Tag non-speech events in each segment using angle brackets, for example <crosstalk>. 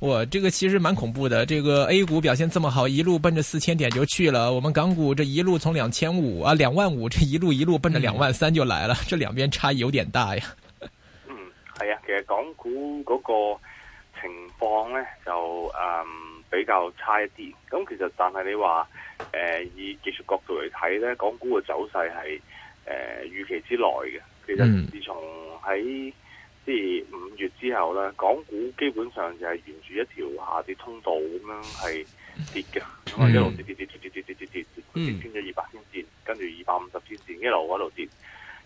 哇這個其實蠻恐怖的，這個 A 股表現這麼好，一路奔着四千點就去了。我們港股這一路從兩千五啊兩萬五，2500，這一路一路奔着兩萬三就來了，嗯，這兩邊差異有點大呀。嗯，係啊，其實港股嗰個情況咧就嗯比較差一啲。咁其實但係你話誒、呃、以技術角度嚟睇咧，港股嘅走勢係誒、呃、預期之內嘅。其實自從喺即係五月之後咧，港股基本上就係沿住一條下跌通道咁樣係跌嘅，咁、嗯、啊一路跌跌跌跌跌跌跌跌跌跌穿咗二百天線，跟住二百五十天線一路喺度跌。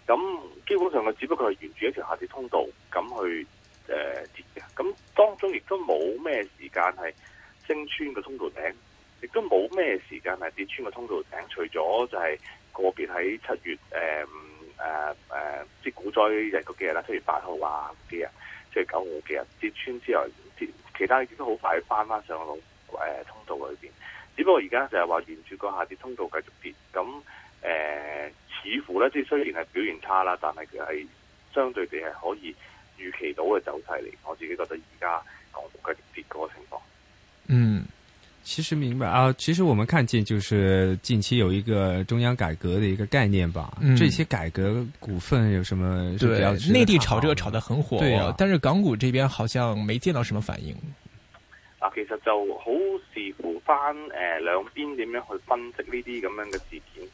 咁基本上佢只不過係沿住一條下跌通道咁去誒跌嘅，咁當中亦都冇咩時間係升穿個通道頂，亦都冇咩時間係跌穿個通道頂，除咗就係個別喺七月誒。呃誒誒，啲股災日幾日啦，七月八號啊嗰啲啊，七月九號嘅日跌穿之後，跌其他已經都好快翻翻上個通誒通道裏邊。只不過而家就係話沿住個下跌通道繼續跌，咁誒似乎咧，即係雖然係表現差啦，但係其實係相對地係可以預期到嘅走勢嚟。我自己覺得而家港股繼續跌嗰個情況，嗯。其實明白啊，其實我們看見就是近期有一個中央改革的一個概念吧，嗯，這些改革股份有什麼是比較？對，內地炒這個炒得很火。哦，對啊，但是港股這邊好像沒見到什麼反應。啊，其實就好視乎翻誒、呃、兩邊點樣去分析呢啲咁樣嘅事件，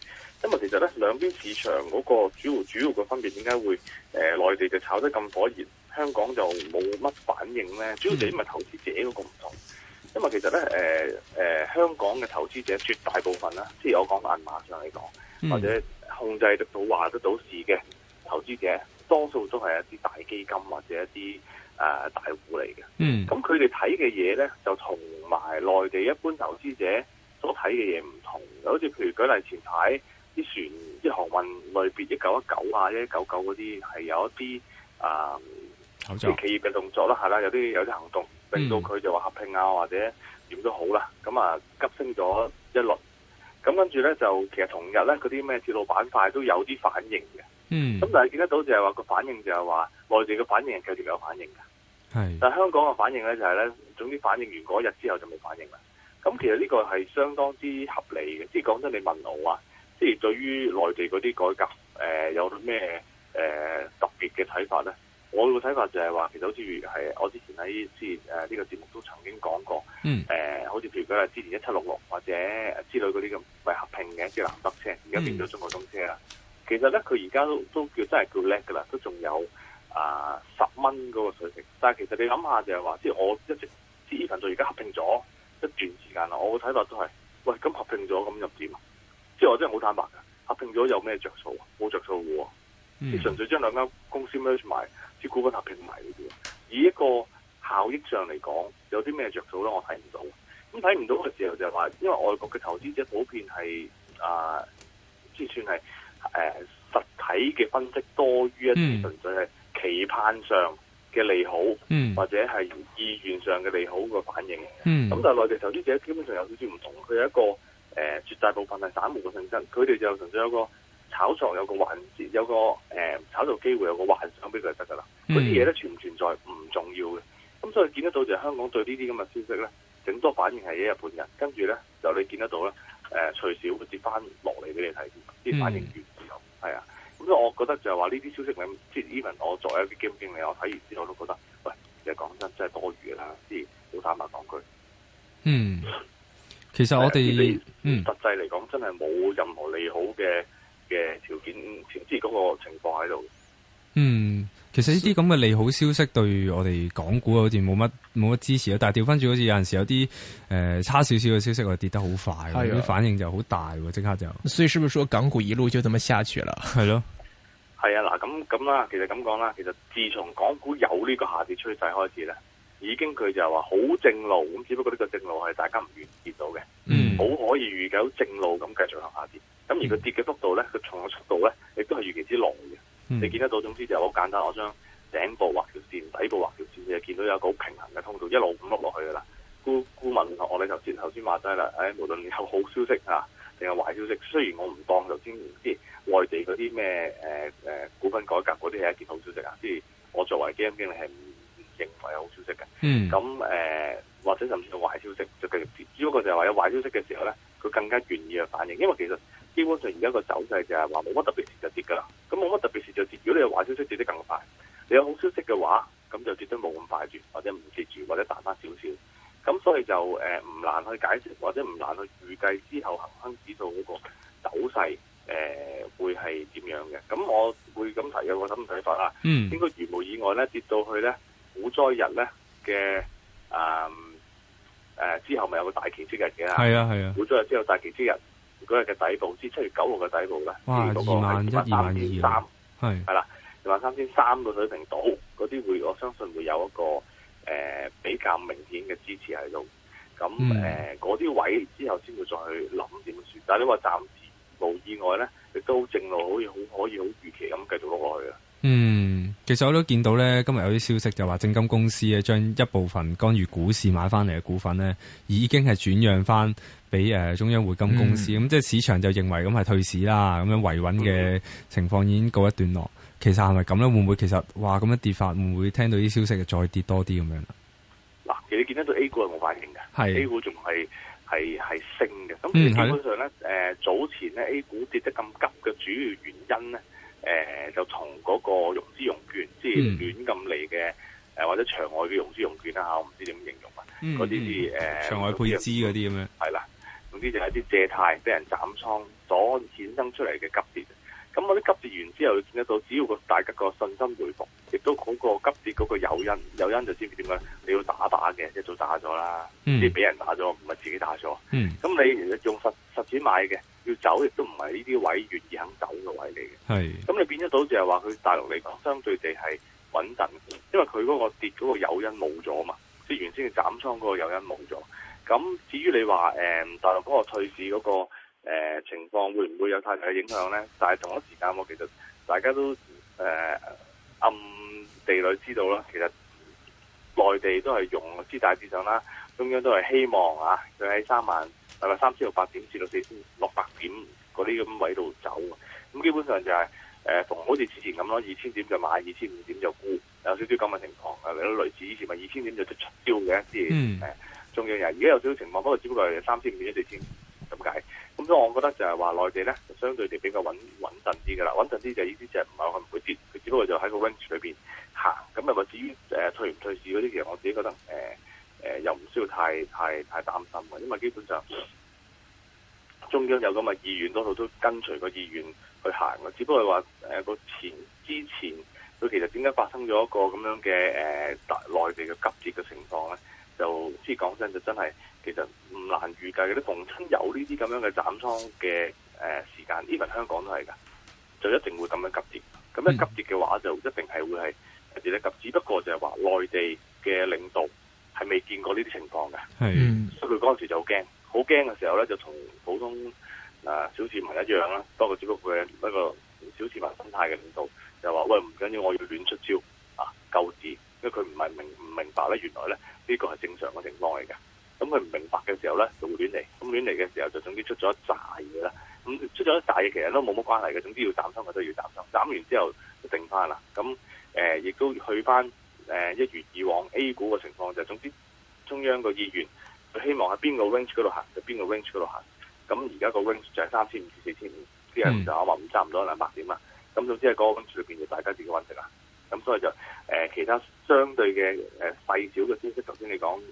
因為其實咧兩邊市場嗰個主要主要嘅分別點解會誒內、呃、地就炒得咁火熱，香港就冇乜反應咧？主要你咪投資者嗰個唔同。嗯因為其實咧，誒、呃、誒、呃、香港嘅投資者絕大部分啦，即係我講銀碼上嚟講，或者控制得到話得到事嘅投資者，多數都係一啲大基金或者一啲誒、呃、大戶嚟嘅。嗯，咁佢哋睇嘅嘢咧，就同埋內地一般投資者所睇嘅嘢唔同。好似譬如舉例前排啲船，啲航運類別一九一九啊，一九九嗰啲係有一啲誒啲企業嘅動作啦，係啦，有啲有啲行動。令到佢就話合併啊，或者點都好啦，咁啊急升咗一輪，咁跟住咧就其實同日咧嗰啲咩鐵路板塊都有啲反應嘅，咁、嗯、但係見得到就係話個反應就係話內地嘅反應係繼續有反應嘅，係，但係香港嘅反應咧就係、是、咧，總之反應完嗰日之後就未反應啦。咁其實呢個係相當之合理嘅，即係講真，你問我啊，即、就、係、是、對於內地嗰啲改革誒、呃、有咗咩誒特別嘅睇法咧？我嘅睇法就係話，其實好似如係我之前喺之前，誒呢個節目都曾經講過，誒、嗯呃、好似譬如佢啦，之前一七六六或者之類嗰啲咁，係合併嘅即係南北車，而家變咗中國中車啦、嗯。其實咧，佢而家都都叫真係叫叻噶啦，都仲有啊、呃、十蚊嗰個水平。但係其實你諗下就係話，即、就、係、是、我一直呢群隊而家合併咗一段時間啦。我嘅睇法都係，喂咁合併咗咁入點，即係我真係好坦白噶，合併咗有咩着數啊？冇着數噶。即、嗯、純粹將兩間公司 merge 埋，啲股份合併埋嗰啲，以一個效益上嚟講，有啲咩着數咧？我睇唔到。咁睇唔到嘅時候就係話，因為外國嘅投資者普遍係啊，即、呃、算係誒、呃、實體嘅分析多於一啲純粹係期盼上嘅利好，嗯、或者係意願上嘅利好嘅反應。咁、嗯、但係內地投資者基本上有少少唔同，佢有一個誒、呃、絕大部分係散戶嘅性質，佢哋就純粹有個。炒作有個幻，有個誒炒作機會，有個幻想俾佢就得噶啦。嗰啲嘢咧存唔存在唔重要嘅。咁、嗯、所以見得到就係香港對這些呢啲咁嘅消息咧，頂多反應係一日半日，跟住咧就你見得到咧誒、呃，隨時會跌翻落嚟俾你睇。啲反應完之後，係、嗯、啊。咁所以我覺得就係話呢啲消息咧，即係 even 我作為一啲基金經理，我睇完之後我都覺得，喂，其實講真的真係多餘嘅啦。即係好坦白講句。嗯，其實我哋實際嚟講真係冇任何利好嘅。嘅條件，唔知嗰個情況喺度。嗯，其實呢啲咁嘅利好消息對我哋港股好似冇乜冇乜支持啊！但係調翻轉好似有陣時有啲誒、呃、差少少嘅消息，就跌得好快，啲反應就好大，即刻就。所以是唔是說港股一路就這麼下去啦？係咯，係啊，嗱咁咁啦，其實咁講啦，其實自從港股有呢個下跌趨勢開始咧，已經佢就話好正路，咁只不過呢個正路係大家唔願意見到嘅，嗯，好可以預計好正路咁繼續向下跌。咁、嗯、而佢跌嘅幅度咧，佢從嘅速度咧，亦都係預期之內嘅、嗯。你見得到，總之就好簡單。我將頂部畫條線，底部畫條線，你就見到有一個好平衡嘅通道，一路咁碌落去嘅啦。顧顧問我哋頭先頭先話齋啦。誒、哎，無論有好消息啊，定係壞消息，雖然我唔當頭先，即係外地嗰啲咩誒誒股份改革嗰啲係一件好消息啊，即係我作為基金經理係唔認為係好消息嘅。咁、嗯、誒、呃，或者甚至係壞消息，就繼續跌。只不過就係話有壞消息嘅時候咧，佢更加願意去反應，因為其實。基本上而家個走勢就係話冇乜特別事就跌㗎啦，咁冇乜特別事就跌。如果你有壞消息，跌得更快；你有好消息嘅話，咁就跌得冇咁快住，或者唔跌住，或者彈翻少少。咁所以就誒唔、呃、難去解釋，或者唔難去預計之後恒生指數嗰個走勢誒、呃、會係點樣嘅。咁我會咁提嘅個心睇法啦、啊。嗯。應該如無意外咧，跌到去咧股災日咧嘅啊誒之後，咪有個大期息日嘅啦。係啊係啊。股災、啊、日之後大期息日。嗰日嘅底部，至七月九號嘅底部咧，二萬一二萬二，萬二三，係係啦，二萬三千三嘅水平到。嗰啲會我相信會有一個誒、呃、比較明顯嘅支持喺度。咁誒嗰啲位之後先會再去諗點算。但係你話暫時無意外咧，亦都正路好可以好可以好預期咁繼續落去嘅。嗯，其實我都見到咧，今日有啲消息就話，證金公司咧，將一部分干預股市買翻嚟嘅股份咧，已經係轉讓翻俾誒中央匯金公司，咁、嗯嗯、即係市場就認為咁係退市啦，咁樣維穩嘅情況已經告一段落。嗯、其實係咪咁咧？會唔會其實話咁樣跌法？會唔會聽到啲消息就再跌多啲咁樣嗱，其實你見得到 A 股係冇反應嘅，係 A 股仲係係係升嘅。咁、嗯、基本上咧，誒、呃、早前咧 A 股跌得咁急嘅主要原因咧。誒、呃、就同嗰個融資融券，嗯、即係亂咁嚟嘅誒，或者場外嘅融資融券啊。嚇，我唔知點形容啊，嗰、嗯、啲是誒、嗯呃、場外配資嗰啲咁樣，係啦，總、嗯、之就係啲借貸俾人斬倉所產生出嚟嘅急跌。咁嗰啲急跌完之後，你見得到只要個大家個信心回復，亦都嗰個急跌嗰個誘因，誘因就知唔知點樣？你要打靶嘅，一早打咗啦，啲、嗯、俾人打咗，唔係自己打咗。咁、嗯、你其實用實實錢買嘅。要走亦都唔係呢啲位願意肯走嘅位嚟嘅，係。咁你變咗到就係話佢大陸嚟講，相對地係穩陣，因為佢嗰個跌嗰個誘因冇咗嘛，即係原先嘅斬倉嗰個誘因冇咗。咁至於你話、嗯、大陸嗰個退市嗰、嗰個、呃、情況會唔會有太大嘅影響咧？但係同一時間，我其實大家都誒、呃、暗地裏知道啦，其實內地都係用之大致上啦，中央都係希望啊，佢喺三萬。係咪三千六百點至到四千六百點嗰啲咁位度走？咁基本上就係誒同好似之前咁咯，二千點就買，二千五點就沽，有少少咁嘅情況，係都類似以前咪二千點就出招嘅，即係誒仲要人。而家有少少情況，不過只不過係三千五至四千咁解。咁所以我覺得就係話內地咧就相對地比較穩穩陣啲嘅啦，穩陣啲就意思就係唔係話佢唔會跌，佢只不過就喺個 range 裏邊行。咁啊至於誒退唔退市嗰啲，其實我自己覺得誒。誒、呃，又唔需要太太太擔心嘅，因為基本上中央有咁嘅意願，多數都跟隨個意願去行嘅。只不過係話，誒、呃、個前之前，佢其實點解發生咗一個咁樣嘅誒大內地嘅急跌嘅情況咧？就即係講真，就真係其實唔難預計嘅。啲逢親有呢啲咁樣嘅斬倉嘅誒時間，even 香港都係㗎，就一定會咁樣急跌。咁樣急跌嘅話，就一定係會係跌一跌，只不過就係話內地嘅領導。係未見過呢啲情況嘅，所以佢嗰陣時就好驚，好驚嘅時候咧就同普通啊、呃、小市民一樣啦，不過只不過佢一個小市民心態嘅領導就話：喂，唔緊要，我要亂出招啊救治，因為佢唔係明唔明白咧，原來咧呢、這個係正常嘅情況嚟嘅。咁佢唔明白嘅時候咧就會亂嚟，咁亂嚟嘅時候就總之出咗一紮嘢啦。咁出咗一紮嘢其實都冇乜關係嘅，總之要斬倉，佢都要斬倉。斬完之後就定翻啦。咁誒亦都去翻。誒、呃，一如以往 A 股嘅情況就，總之中央個意願，佢希望喺邊個 range 嗰度行，在哪那裡行那在那就邊個 range 嗰度行。咁而家個 range 就係三千五至四千五，啲人就啱話唔差唔多兩百點啦。咁總之喺嗰個 range 裏邊就大家自己揾食啦。咁所以就誒、呃、其他相對嘅誒細小嘅消息，頭先你講誒，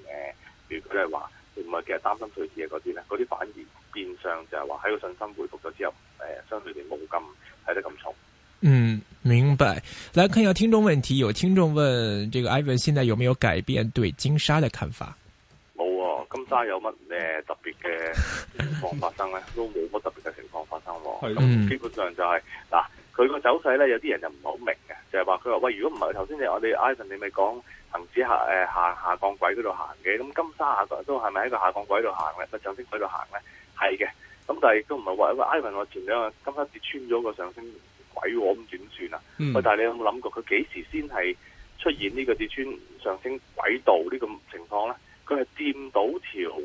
如果係話唔係其實擔心退市嘅嗰啲咧，嗰啲反而變相就係話喺個信心回復咗之後，誒、呃、相對哋冇咁睇得咁重。嗯。明白，來看一下聽眾問題。有聽眾問：這個 Ivan 現在有沒有改變對金沙嘅看法？冇、啊，金沙有乜咩特別嘅情況發生咧？ <laughs> 都冇乜特別嘅情況發生喎。咁 <laughs> 基本上就係、是、嗱，佢個走勢咧，有啲人就唔係好明嘅，就係話佢話喂，如果唔係頭先你我哋 Ivan，你咪講恒指下誒下下降軌嗰度行嘅，咁金沙下都係咪喺個下降軌度行咧？上哎、Ivan，個上升軌度行咧？係嘅，咁但係都唔係話，Ivan，我前兩日金沙跌穿咗個上升。鬼我咁點算啊？嗯、但係你有冇諗過佢幾時先係出現呢個跌穿上升軌道呢個情況咧？佢係掂到條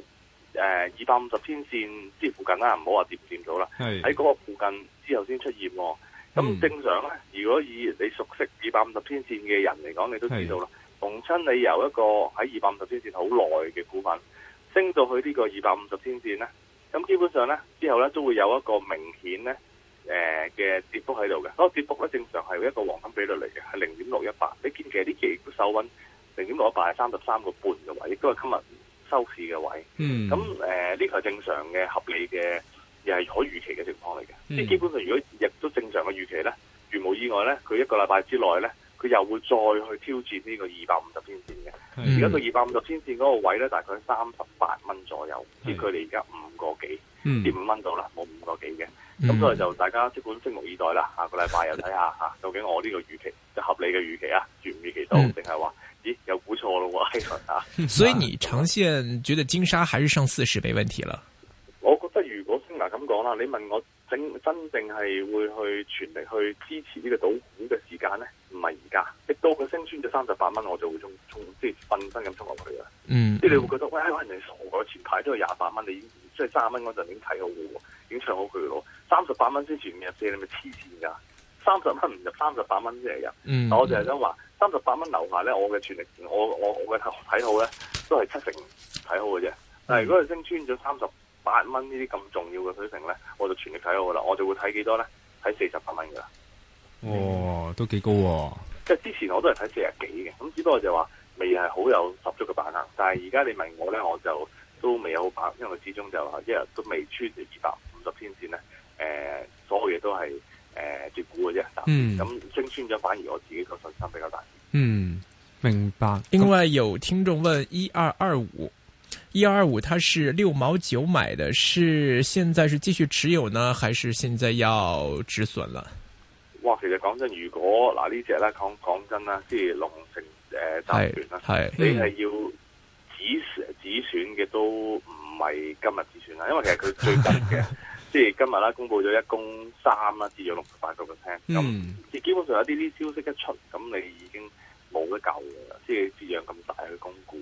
誒二百五十天線，即係附近啦、啊，唔好話掂唔掂到啦，喺嗰個附近之後先出現、啊。咁正常咧、嗯，如果以你熟悉二百五十天線嘅人嚟講，你都知道啦。逢親你由一個喺二百五十天線好耐嘅股份升到去呢個二百五十天線咧，咁基本上咧之後咧都會有一個明顯咧。誒、嗯、嘅跌幅喺度嘅，嗰、啊、個跌幅咧正常係一個黃金比率嚟嘅，係零點六一八。你見嘅呢期都收穩零點六一八，係三十三個半嘅位，亦都係今日收市嘅位。嗯，咁誒呢個係正常嘅、合理嘅，又係可預期嘅情況嚟嘅。即、嗯、基本上，如果亦都正常嘅預期咧，如無意外咧，佢一個禮拜之內咧，佢又會再去挑戰呢個二百五十天線嘅。而、嗯、家到二百五十天線嗰個位咧，大概三十八蚊左右，即係距離而家五個幾、嗯、跌五蚊到啦，冇五個幾嘅。咁所以就大家即管拭目以待啦，下個禮拜又睇下吓，究竟我呢個預期就合理嘅預期啊，預唔預期到，定係話咦有估錯咯喎？所以你長線覺得金沙還是上四十沒問題啦？我覺得如果嗱咁講啦，你問我正真正係會去全力去支持呢個賭股嘅時間咧，唔係而家，直到佢升穿咗三十八蚊，我就會沖沖即係瞓身咁沖落去啦。嗯，即係你會覺得喂，可能你傻噶，前排都係廿八蚊，你已經。即係卅蚊嗰陣已經睇好嘅喎，已經唱好佢嘅喎，三十八蚊先全日入，入，你咪黐線㗎！三十蚊唔入，三十八蚊先嚟入。但我淨係想話，三十八蚊樓下咧，我嘅全力，我我我嘅睇好咧，都係七成睇好嘅啫。但、嗯、係如果佢升穿咗三十八蚊呢啲咁重要嘅水平咧，我就全力睇好㗎啦。我就會睇幾多咧？睇四十八蚊㗎啦。哦，都幾高喎，哦！即係之前我都係睇四十幾嘅，咁只不過就話未係好有十足嘅把握。但係而家你問我咧，我就。都未有把握，因為始中就，一日都未穿就二百五十天線咧。誒、呃，所有嘢都係誒跌股嘅啫。嗯。咁升穿咗反而我自己個信心比較大。嗯，明白。另外有聽眾問 1, 2, 2, 5,：一二二五，一二二五，它是六毛九買的，是現在是繼續持有呢，還是現在要止損了？哇！其實講真，如果嗱呢隻咧，講講真啦，即係龍城誒集團啦，係、呃、你係要。嗯止止損嘅都唔係今日止損啦，因為其實佢最近嘅 <laughs> 即係今日啦，公布咗一公三啦，跌咗六十八個 percent。嗯，即係基本上有啲啲消息一出，咁你已經冇得救嘅啦。即係跌咗咁大去供股，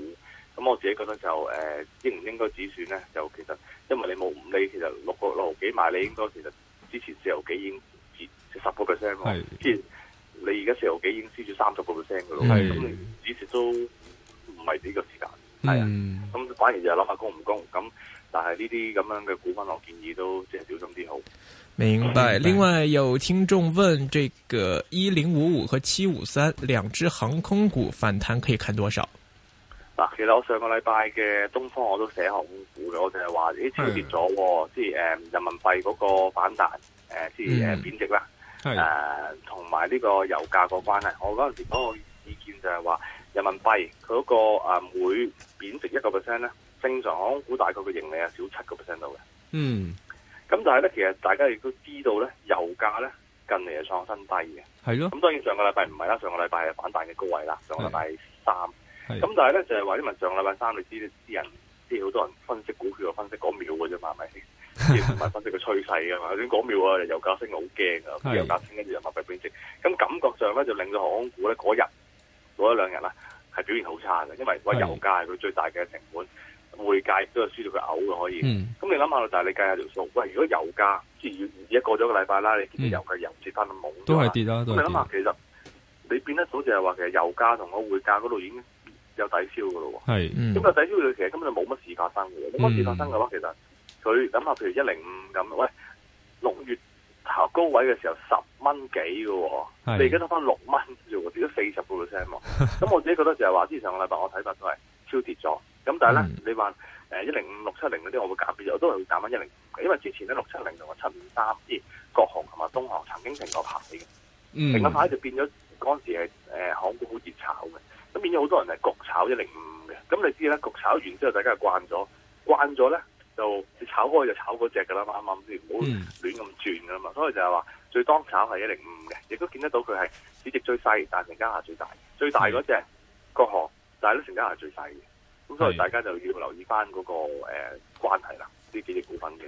咁我自己覺得就誒、呃、應唔應該止損咧？就其實因為你冇五厘，其實六個六毫幾買，你應該其實之前四毫幾已經跌十個 percent 喎。係，即係你而家四毫幾已經蝕咗三十個 percent 嘅咯。咁、嗯、你止蝕都唔係呢個時間。係啊，咁反而就諗下供唔供咁，但係呢啲咁樣嘅股份，我建議都即係小心啲好。明白。另外有聽眾問，呢個一零五五和七五三兩隻航空股反彈可以看多少？嗱、嗯嗯嗯啊，其實我上個禮拜嘅東方我都寫航空股嘅，我就係話啲超跌咗，即係人民幣嗰個反彈，誒即係貶值啦，誒同埋呢個油價個關係。我嗰陣時嗰個意見就係話。人民幣佢嗰、那個啊、嗯、每貶值一個 percent 咧，正常航空股大概嘅盈利係少七個 percent 到嘅。嗯，咁但係咧，其實大家亦都知道咧，油價咧近嚟係創新低嘅。係咯。咁當然上個禮拜唔係啦，上個禮拜係反彈嘅高位啦，上個禮拜三。咁但係咧就係話因為，上個禮拜三你知啲人，啲好多人分析股票分析講秒嘅啫嘛，咪，唔係分析個趨勢嘅嘛，先秒啊，油價升好驚啊，油價升跟住人民幣貶,貶值，咁感覺上咧就令到航空股咧嗰日。嗰一兩日啦、啊，係表現好差嘅，因為個油價係佢最大嘅成本，匯價都係輸到佢嘔嘅可以。咁、嗯、你諗下，但係你計下條數，喂，如果油價即係而而家過咗一個禮拜啦，你見到油價又跌翻到冇，都係跌啦。咁你諗下，其實你變得到就係話，其實油價同嗰匯價嗰度已經有抵銷嘅咯喎。咁個、嗯、抵銷佢其實根本就冇乜事發生嘅，冇乜事發生嘅話、嗯，其實佢諗下，譬如一零五咁，喂六。炒高位嘅時候十蚊幾嘅，你而家得翻六蚊啫喎，我跌咗四十個 percent 喎。咁 <laughs> 我自己覺得就係話，之前上個禮拜我睇法都係超跌咗。咁但係咧、嗯，你話誒一零五六七零嗰啲，呃、105，我會減嘅，我都係會減翻一零五，因為之前咧六七零同埋七五三，即係國航同埋東航曾經停過牌嘅，停個牌就變咗嗰陣時係誒航空股好熱炒嘅，咁變咗好多人係焗炒一零五嘅。咁你知啦，焗炒完之後大家慣咗，慣咗咧。就你炒過去就炒嗰隻噶啦，啱啱先，唔好亂咁轉噶嘛，所以就係話最當炒係一零五嘅，亦都見得到佢係市值最細，但係成交額最大，最大嗰隻國航，但係咧成交額最細嘅，咁、嗯、所以大家就要留意翻、那、嗰個誒、呃、關係啦，呢幾隻股份嘅。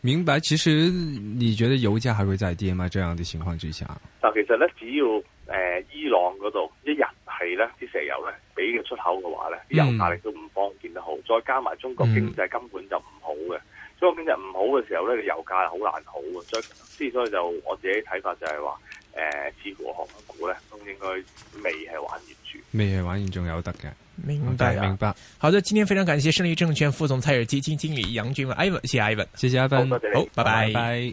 明白，其實你覺得油價還會再跌嗎？這樣的情況之下？但其實咧，只要誒、呃、伊朗嗰度一日。係咧啲石油咧俾嘅出口嘅話咧，油價力都唔方便得好，嗯、再加埋中國經濟根本就唔好嘅、嗯，中國經濟唔好嘅時候咧，個油價係好難好，所以之所以就我自己睇法就係話，誒、呃，似乎航空股咧都應該未係玩完住，未係玩完仲有得嘅，明白、啊、明白。好的，今天非常感謝勝利證券副總蔡、蔡富基金經理楊俊文，Ivan，Ivan, 謝 Ivan，謝謝 Ivan，好，拜拜。